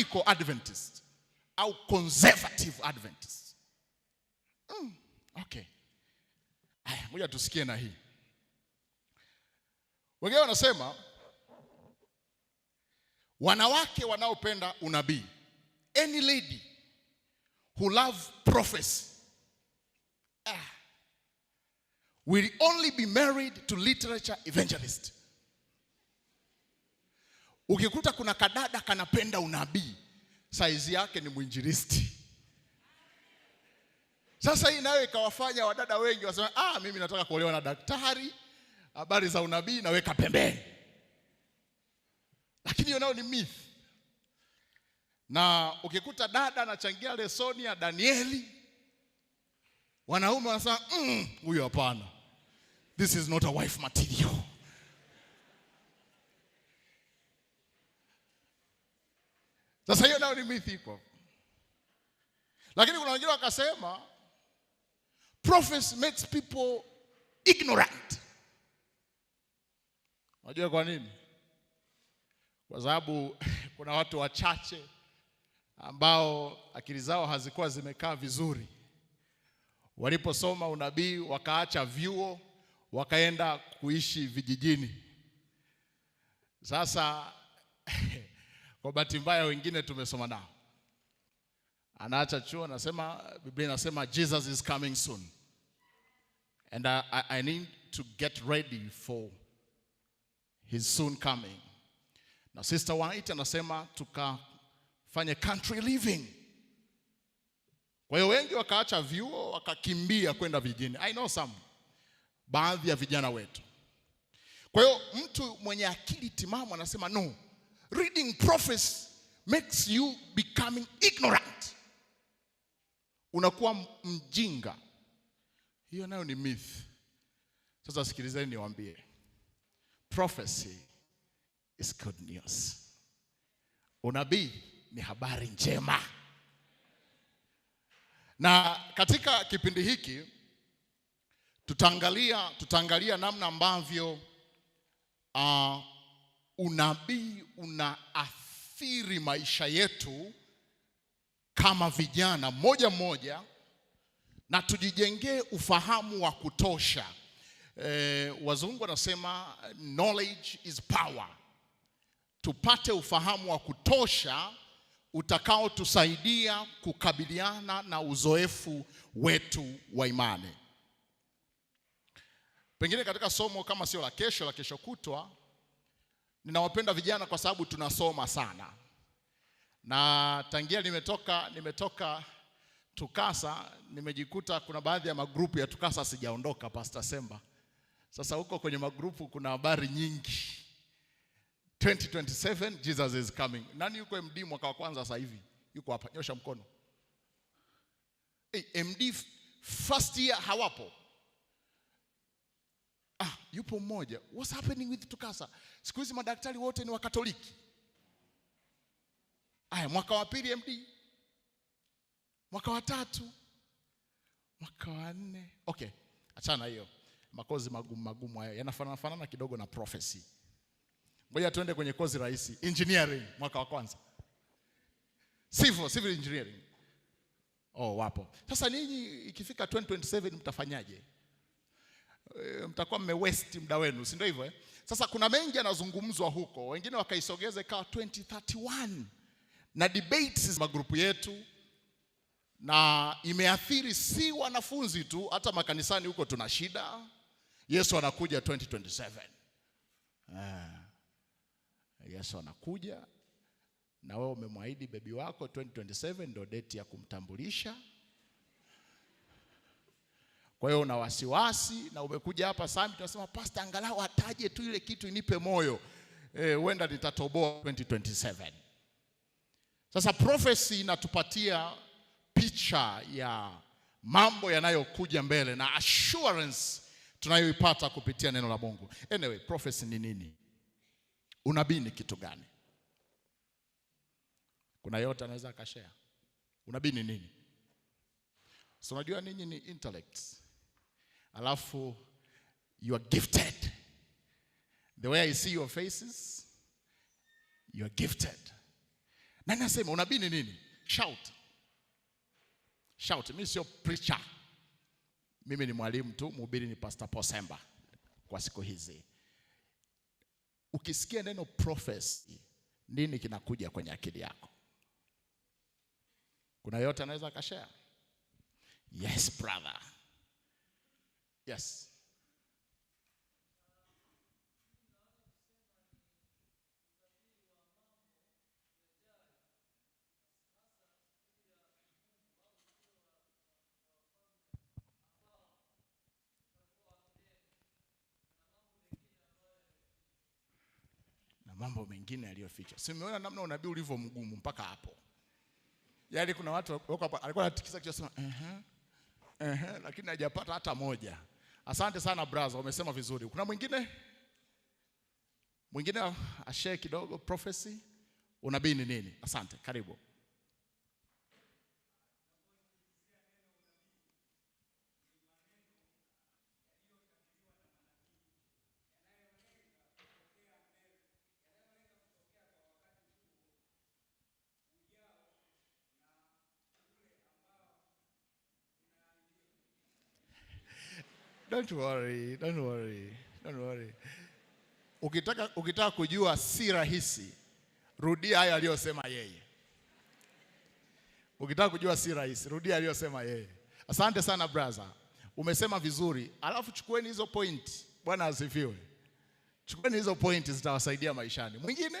radical Adventist au conservative Adventist? Mm, okay. Haya, moja tusikie na hii. Wengine wanasema wanawake wanaopenda unabii, any lady who love prophecy ah, will only be married to literature evangelist Ukikuta kuna kadada kanapenda unabii, saizi yake ni mwinjilisti. Sasa hii nayo ikawafanya wadada wengi waseme, ah, mimi nataka kuolewa na daktari, habari za unabii naweka pembeni. Lakini hiyo nayo ni myth. Na ukikuta dada anachangia lesoni ya Danieli, wanaume wanasema huyo, mm, hapana, this is not a wife material. Sasa hiyo nayo ni mithi iko, lakini kuna wengine wakasema prophets makes people ignorant. Unajua kwa nini? Kwa sababu kuna watu wachache ambao akili zao hazikuwa zimekaa vizuri, waliposoma unabii wakaacha vyuo wakaenda kuishi vijijini. Sasa Kwa bahati mbaya wengine tumesoma nao, anaacha chuo, anasema Biblia inasema Jesus is coming soon and I, I need to get ready for his soon coming. Na Sister White anasema tukafanye country living. Kwa hiyo wengi wakaacha vyuo wakakimbia kwenda vijijini. I know some, baadhi ya vijana wetu. Kwa hiyo mtu mwenye akili timamu anasema no Reading prophecy makes you becoming ignorant, unakuwa mjinga. Hiyo nayo ni myth. Sasa sikilizeni niwaambie, prophecy is good news. Unabii ni habari njema, na katika kipindi hiki tutaangalia tutaangalia namna ambavyo uh, unabii unaathiri maisha yetu kama vijana moja moja, na tujijengee ufahamu wa kutosha. E, wazungu wanasema knowledge is power. Tupate ufahamu wa kutosha utakaotusaidia kukabiliana na uzoefu wetu wa imani. Pengine katika somo kama sio la kesho, la kesho kutwa Ninawapenda vijana kwa sababu tunasoma sana, na tangia nimetoka nimetoka tukasa nimejikuta kuna baadhi ya magrupu ya tukasa sijaondoka, Pastor Semba. Sasa huko kwenye magrupu kuna habari nyingi. 2027 Jesus is coming. Nani yuko MD mwaka wa kwanza sasa hivi? Yuko hapa, nyosha mkono. Hey, MD first year hawapo yupo mmoja, what's happening with tukasa Siku hizi madaktari wote ni Wakatoliki. Aya, mwaka wa pili MD, mwaka wa tatu, mwaka wa nne. Okay, achana hiyo makozi magumu magumu, hayo yanafanana fanana kidogo na prophecy. Ngoja tuende kwenye kozi rahisi, engineering, mwaka wa kwanza, civil civil engineering. Oh, wapo sasa. Ninyi ikifika 2027 mtafanyaje? e, mtakuwa mmewesti muda wenu, si ndio hivyo eh? Sasa kuna mengi yanazungumzwa huko, wengine wakaisogeza ikawa 2031 na debates magrupu yetu, na imeathiri si wanafunzi tu, hata makanisani huko tuna shida. Yesu anakuja 2027. Ah, Yesu anakuja na wewe umemwahidi bebi wako 2027 ndio date ya kumtambulisha kwa hiyo una wasiwasi na umekuja hapa sami tunasema pastor, angalau ataje tu ile kitu inipe moyo eh, huenda eh, nitatoboa 2027. Sasa prophecy inatupatia picha ya mambo yanayokuja mbele na assurance tunayoipata kupitia neno la Mungu. Anyway, prophecy ni nini? Unabii ni kitu gani? Kuna yote anaweza akashare. Unabii ni nini? So unajua ninyi ni intellects alafu you are gifted the way I see your faces you are gifted. Nani asema unabini nini? Shout. Shout. mi sio preacher. Mimi ni mwalimu tu, mhubiri ni Pastor Posemba kwa siku hizi. Ukisikia neno profesi nini kinakuja kwenye akili yako? Kuna yote anaweza akashea Yes brother. Yes. mambo mengine yaliyoficha. Si umeona namna unabii ulivyo mgumu mpaka hapo? Yaani kuna watu wako hapa alikuwa anatikisa kichwa sema eh eh, lakini hajapata hata moja. Asante sana brother, umesema vizuri. Kuna mwingine mwingine ashare ah, ah, kidogo prophecy, unabii ni nini? Asante, karibu. Don't worry, don't worry, don't worry. Ukitaka, ukitaka kujua si rahisi, rudia hayo aliyosema yeye. Ukitaka kujua si rahisi, rudia aliyosema yeye. Asante sana brother, umesema vizuri. Alafu chukueni hizo point. Bwana asifiwe. Chukueni hizo point, zitawasaidia maishani. Mwingine?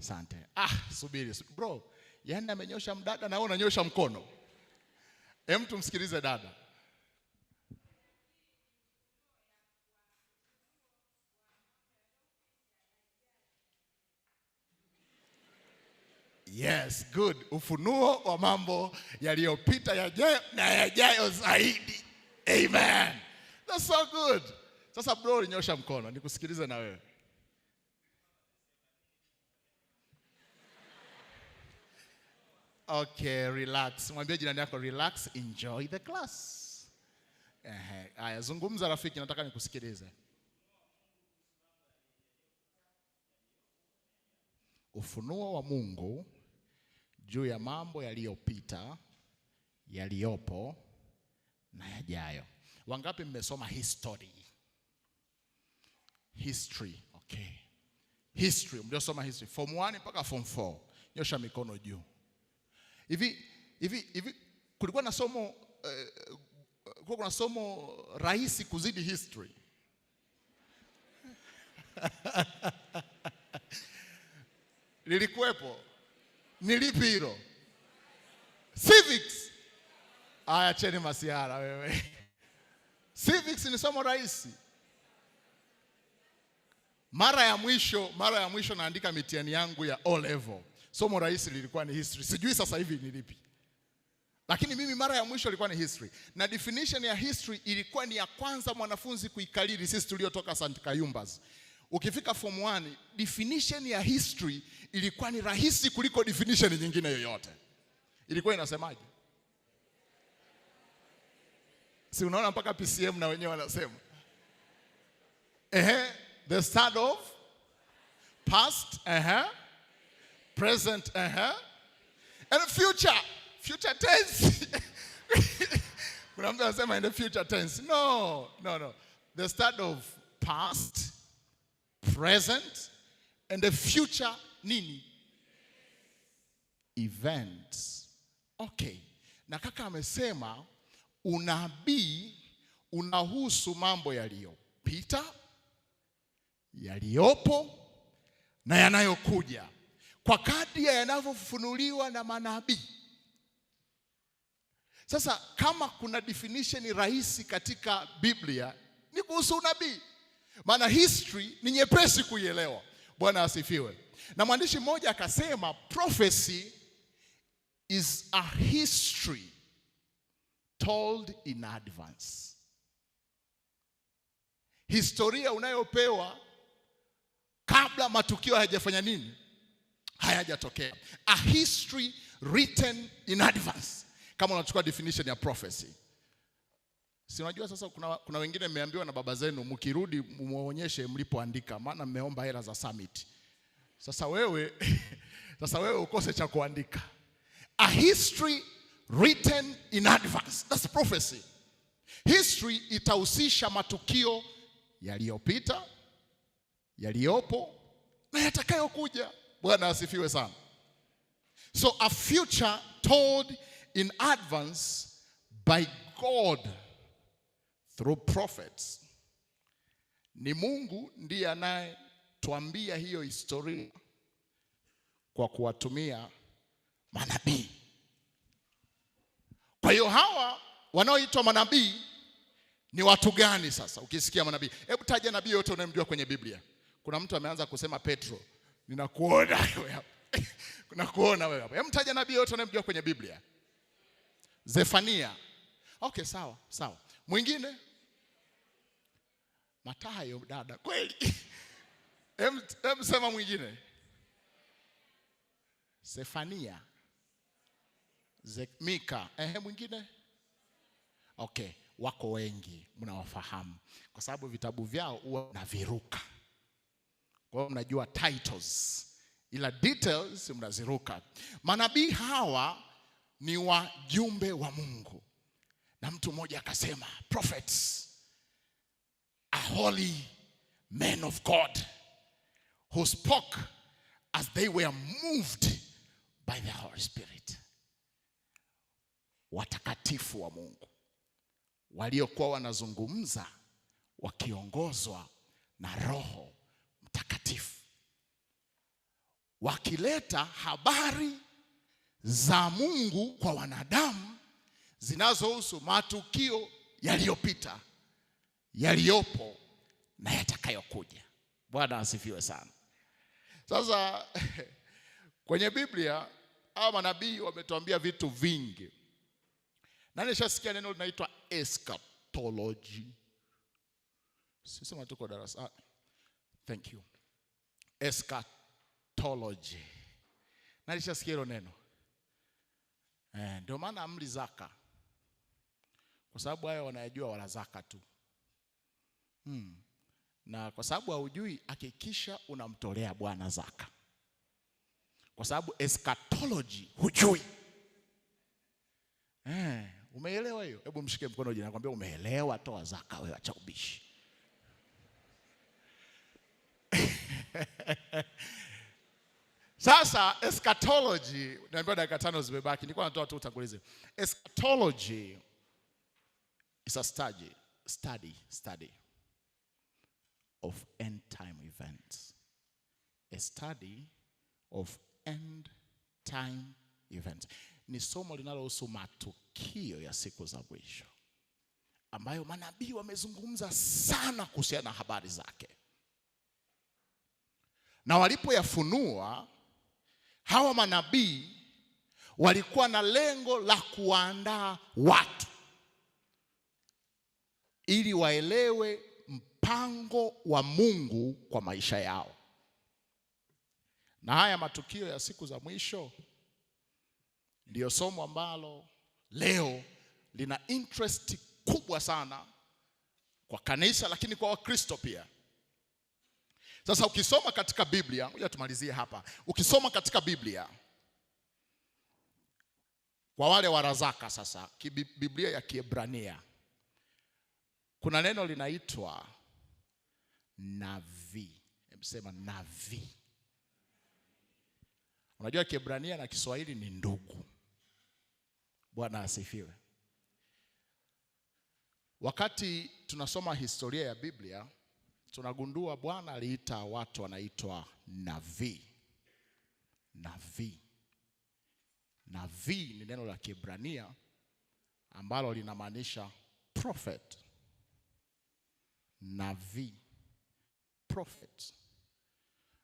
Asante. Ah, subiri bro, yani amenyosha mdada na wewe unanyosha mkono. Hem, tumsikilize dada. Yes, good. Ufunuo wa mambo yaliyopita, yajayo na yajayo zaidi. Amen. That's so good. Sasa bro, linyosha mkono nikusikilize na wewe. Okay, relax. Mwambie jirani yako relax, enjoy the class. haya zungumza rafiki, nataka nikusikilize. Ufunuo wa Mungu juu ya mambo yaliyopita, yaliyopo na yajayo. Wangapi mmesoma history? History, okay. History, mliosoma history form 1 mpaka form 4, nyosha mikono juu. Hivi hivi hivi, kulikuwa na somo eh, kulikuwa na somo rahisi kuzidi history? lilikuwepo ni lipi hilo? Civics. Aya, cheni masiara wewe. Civics ni somo rahisi. Mara ya mwisho, mara ya mwisho naandika mitihani yangu ya O level. Somo rahisi lilikuwa ni history. Sijui sasa hivi ni lipi. Lakini mimi mara ya mwisho ilikuwa ni history. Na definition ya history ilikuwa ni ya kwanza mwanafunzi kuikalili sisi tuliotoka St. Kayumbas ukifika form 1 definition ya history ilikuwa ni rahisi kuliko definition nyingine yoyote. Ilikuwa inasemaje? Si unaona mpaka PCM na wenyewe wanasema ehe, the start of past, ehe, present, ehe, and future, future tense kuna mtu anasema in the future tense. No, no, no, the start of past present and the future nini events. Okay, na kaka amesema unabii unahusu mambo yaliyopita, yaliyopo na yanayokuja kwa ya yanavyofunuliwa na manabii. Sasa kama kuna definition rahisi katika Biblia ni kuhusu unabii maana history ni nyepesi kuielewa. Bwana asifiwe. Na mwandishi mmoja akasema prophecy is a history told in advance. Historia unayopewa kabla matukio hayajafanya nini, hayajatokea. A history written in advance, kama unachukua definition ya prophecy. Si unajua sasa kuna, kuna wengine mmeambiwa na baba zenu mkirudi muonyeshe mlipoandika maana mmeomba hela za summit. Sasa wewe sasa wewe ukose cha kuandika. A history written in advance. That's prophecy. History itahusisha matukio yaliyopita, yaliyopo na yatakayokuja. Bwana asifiwe sana. So a future told in advance by God through prophets. Ni Mungu ndiye anayetuambia hiyo historia kwa kuwatumia manabii. Kwa hiyo hawa wanaoitwa manabii ni watu gani? Sasa ukisikia manabii, hebu taja nabii yote unayemjua kwenye Biblia. Kuna mtu ameanza kusema Petro, ninakuona wewe hapa, nakuona wewe hapa. Hebu taja nabii yote unayemjua kwenye Biblia. Zefania. Okay, sawa sawa. Mwingine Matayo dada kweli. em, sema mwingine, Sefania, Mika. Ehe, mwingine okay. Wako wengi mnawafahamu kwa sababu vitabu vyao huwa naviruka kwa hiyo mnajua titles ila details mnaziruka. Manabii hawa ni wajumbe wa Mungu, na mtu mmoja akasema prophets a holy man of God who spoke as they were moved by the Holy Spirit. Watakatifu wa Mungu waliokuwa wanazungumza wakiongozwa na Roho Mtakatifu, wakileta habari za Mungu kwa wanadamu zinazohusu matukio yaliyopita yaliyopo na yatakayokuja. Bwana asifiwe sana. Sasa kwenye Biblia hawa manabii wametuambia vitu vingi, na nishasikia neno linaitwa eschatology. Sisema tuko darasa ah, thank you. Eschatology, na nishasikia hilo neno eh, ndio maana amri zaka, kwa sababu hayo wanayajua wala zaka tu hmm. Na kwa sababu haujui, hakikisha unamtolea Bwana zaka, kwa sababu eschatology hujui. Eh, umeelewa hiyo? Hebu mshike mkono jina, nakwambia umeelewa. Toa zaka wewe, acha ubishi. Sasa eschatology, naambiwa dakika tano zimebaki, nilikuwa natoa tu utangulizi. Eschatology is a study, study, study of end time events. A study of end time events ni somo linalohusu matukio ya siku za mwisho ambayo manabii wamezungumza sana kuhusiana na habari zake, na walipoyafunua hawa manabii walikuwa na lengo la kuwaandaa watu ili waelewe mpango wa Mungu kwa maisha yao. Na haya matukio ya siku za mwisho ndiyo somo ambalo leo lina interest kubwa sana kwa kanisa, lakini kwa Wakristo pia. Sasa ukisoma katika Biblia, ngoja tumalizie hapa. Ukisoma katika Biblia kwa wale warazaka sasa, Biblia ya Kiebrania kuna neno linaitwa nabii. Hebu sema nabii. Unajua Kiebrania na Kiswahili ni ndugu. Bwana asifiwe. Wakati tunasoma historia ya Biblia tunagundua Bwana aliita watu wanaitwa nabii. Nabii, nabii ni neno la Kiebrania ambalo linamaanisha prophet. navi prophet.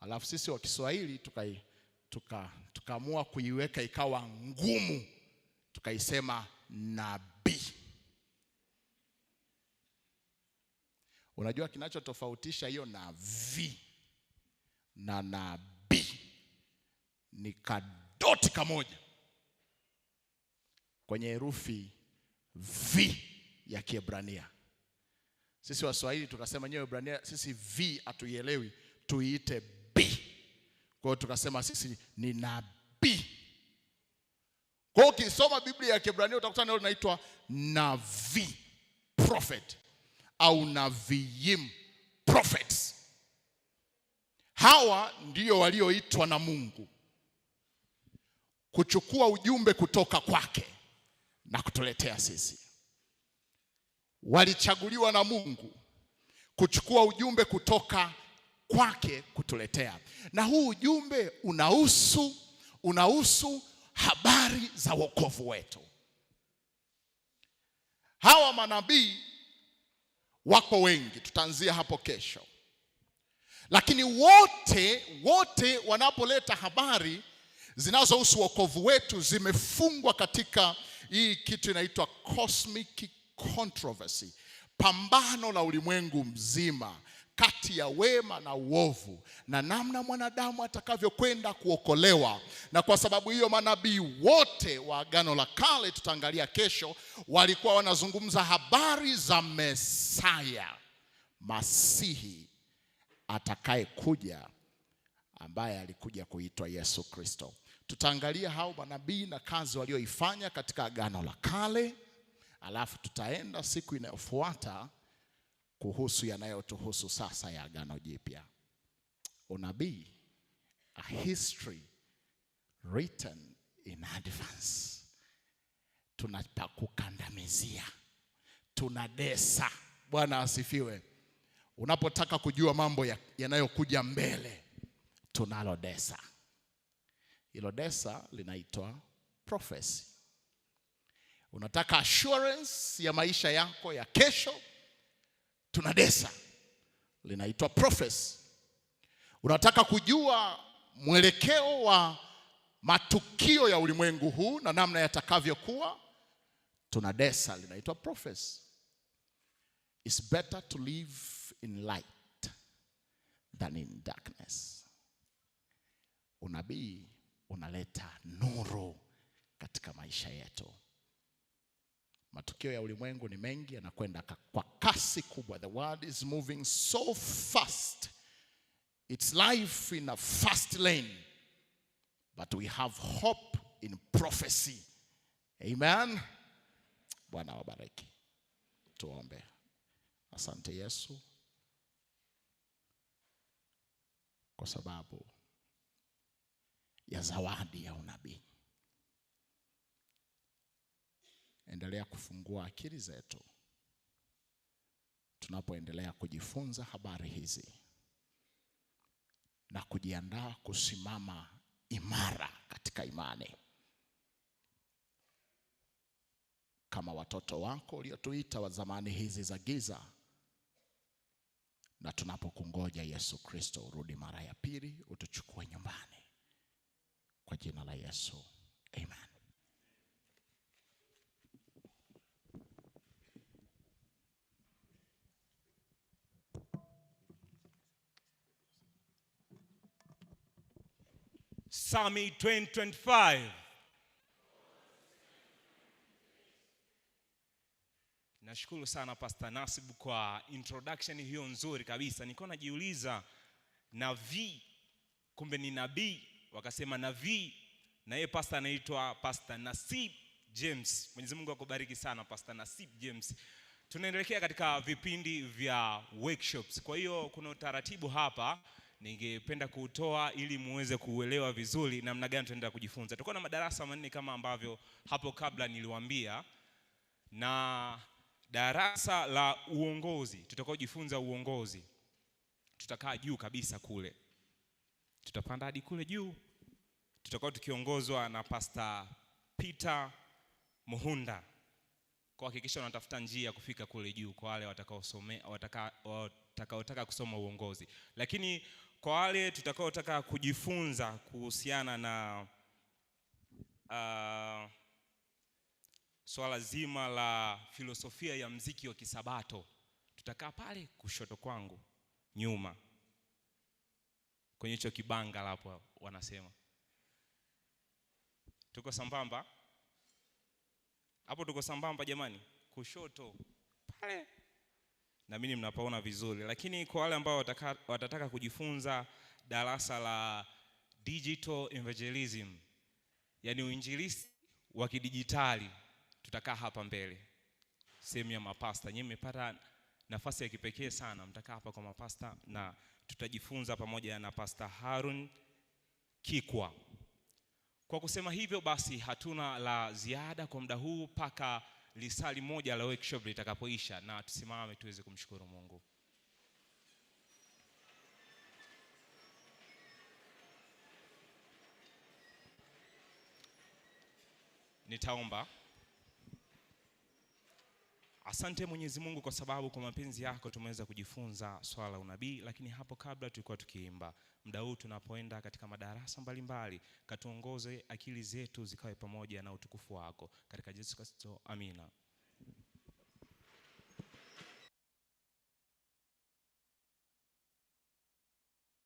Alafu sisi wa Kiswahili tukaamua tuka, tuka kuiweka ikawa ngumu, tukaisema nabii. Unajua kinachotofautisha hiyo na vi na nabii ni kadoti kamoja kwenye herufi V ya Kiebrania. Sisi Waswahili tukasema nyewe brania sisi v hatuielewi, tuiite b. Kwa hiyo tukasema sisi ni nabii. Kwa hiyo ukisoma Biblia ya Kiebrania utakuta neno linaitwa navi prophet au naviim prophets. Hawa ndio walioitwa na Mungu kuchukua ujumbe kutoka kwake na kutuletea sisi walichaguliwa na Mungu kuchukua ujumbe kutoka kwake kutuletea, na huu ujumbe unahusu unahusu habari za wokovu wetu. Hawa manabii wako wengi, tutaanzia hapo kesho, lakini wote wote wanapoleta habari zinazohusu wokovu wetu zimefungwa katika hii kitu inaitwa cosmic controversy, pambano la ulimwengu mzima kati ya wema na uovu na namna mwanadamu atakavyokwenda kuokolewa. Na kwa sababu hiyo manabii wote wa Agano la Kale, tutaangalia kesho, walikuwa wanazungumza habari za Mesaya, Masihi atakayekuja ambaye alikuja kuitwa Yesu Kristo. Tutaangalia hao manabii na kazi walioifanya katika Agano la Kale alafu tutaenda siku inayofuata kuhusu yanayotuhusu sasa ya Agano Jipya. Unabii, a history written in advance. Tunapakukandamizia, tunadesa. Bwana asifiwe. Unapotaka kujua mambo yanayokuja ya mbele, tunalo desa. Hilo desa linaitwa profesi Unataka assurance ya maisha yako ya kesho, tuna DESA linaitwa Prophecy. Unataka kujua mwelekeo wa matukio ya ulimwengu huu na namna yatakavyokuwa, tuna DESA linaitwa Prophecy. It's better to live in light than in darkness. Unabii unaleta nuru katika maisha yetu. Matukio ya ulimwengu ni mengi, yanakwenda kwa kasi kubwa. The world is moving so fast, it's life in a fast lane, but we have hope in prophecy. Amen. Bwana wabariki. Tuombe. Asante Yesu kwa sababu ya zawadi ya unabii. endelea kufungua akili zetu tunapoendelea kujifunza habari hizi na kujiandaa kusimama imara katika imani kama watoto wako uliotuita wa zamani hizi za giza, na tunapokungoja Yesu Kristo urudi mara ya pili utuchukue nyumbani, kwa jina la Yesu, amen. Summit 2025. Nashukuru sana Pastor nasib kwa introduction hiyo nzuri kabisa. Nilikuwa najiuliza nabii, kumbe ni nabii, wakasema nabii na yeye pastor anaitwa Pastor Nasib James. Mwenyezi Mungu akubariki sana Pastor Nasib James. Tunaendelea katika vipindi vya workshops. Kwa hiyo kuna utaratibu hapa ningependa kuutoa ili muweze kuuelewa vizuri namna gani tunaenda kujifunza. Tutakuwa na madarasa manne kama ambavyo hapo kabla niliwaambia, na darasa la uongozi tutakaojifunza uongozi, tutakaa juu kabisa kule, tutapanda hadi kule juu, tutakuwa tukiongozwa na Pastor Peter Muhunda. Kwa hakikisha unatafuta njia ya kufika kule juu kwa wale watakaotaka wataka, wataka kusoma uongozi, lakini kwa wale tutakaotaka kujifunza kuhusiana na uh, swala zima la filosofia ya mziki wa Kisabato, tutakaa pale kushoto kwangu nyuma kwenye hicho kibanga lapo wanasema tuko sambamba hapo, tuko sambamba jamani, kushoto pale naamini mnapaona vizuri, lakini kwa wale ambao wataka, watataka kujifunza darasa la digital evangelism, yani uinjilisi wa kidijitali, tutakaa hapa mbele sehemu ya mapasta. Nyinyi mmepata nafasi ya kipekee sana, mtakaa hapa kwa mapasta na tutajifunza pamoja na Pastor Harun Kikwa. Kwa kusema hivyo basi, hatuna la ziada kwa muda huu mpaka lisali moja la workshop litakapoisha, na tusimame tuweze kumshukuru Mungu. Nitaomba. Asante Mwenyezi Mungu kwa sababu kwa mapenzi yako tumeweza kujifunza swala la unabii, lakini hapo kabla tulikuwa tukiimba muda huu tunapoenda katika madarasa mbalimbali, katuongoze akili zetu zikawe pamoja na utukufu wako katika Yesu Kristo, amina.